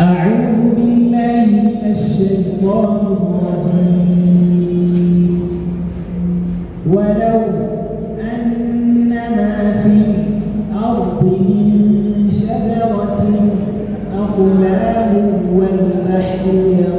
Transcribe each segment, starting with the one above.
أعوذ بالله من الشيطان الرجيم ولو أن ما في الأرض من شجرة أقلام والبحر يغير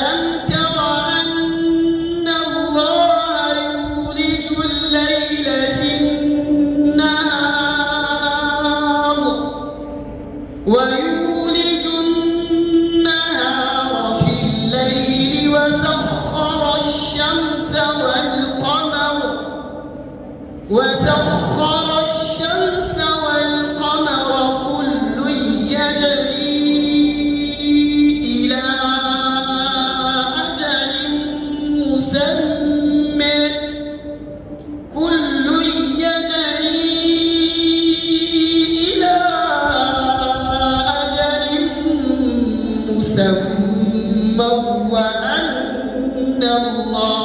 Ama مسمى وأن الله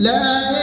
لا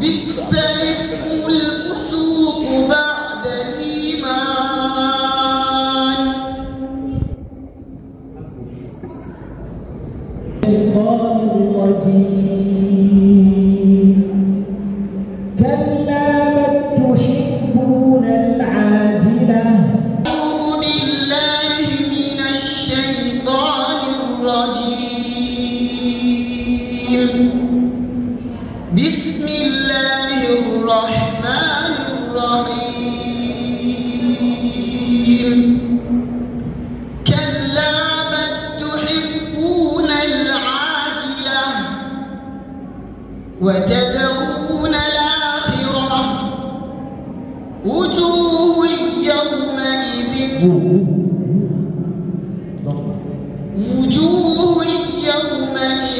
بئس الاسم الفسوق بعد الايمان الشيطان الرجيم كلا بل تحبون العاجله اعوذ بالله من الشيطان الرجيم وتذرون الآخرة وجوه يومئذ وجوه يومئذ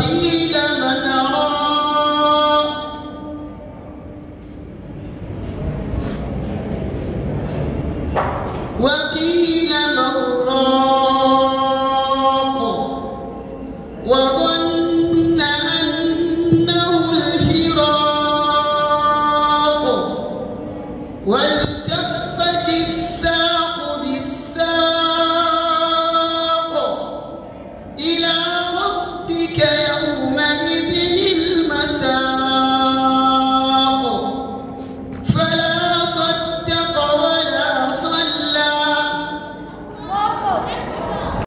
وقيل من راى وقيل من راق وظن أنه الفراق والتفت الساق بالساق إلى ربك يا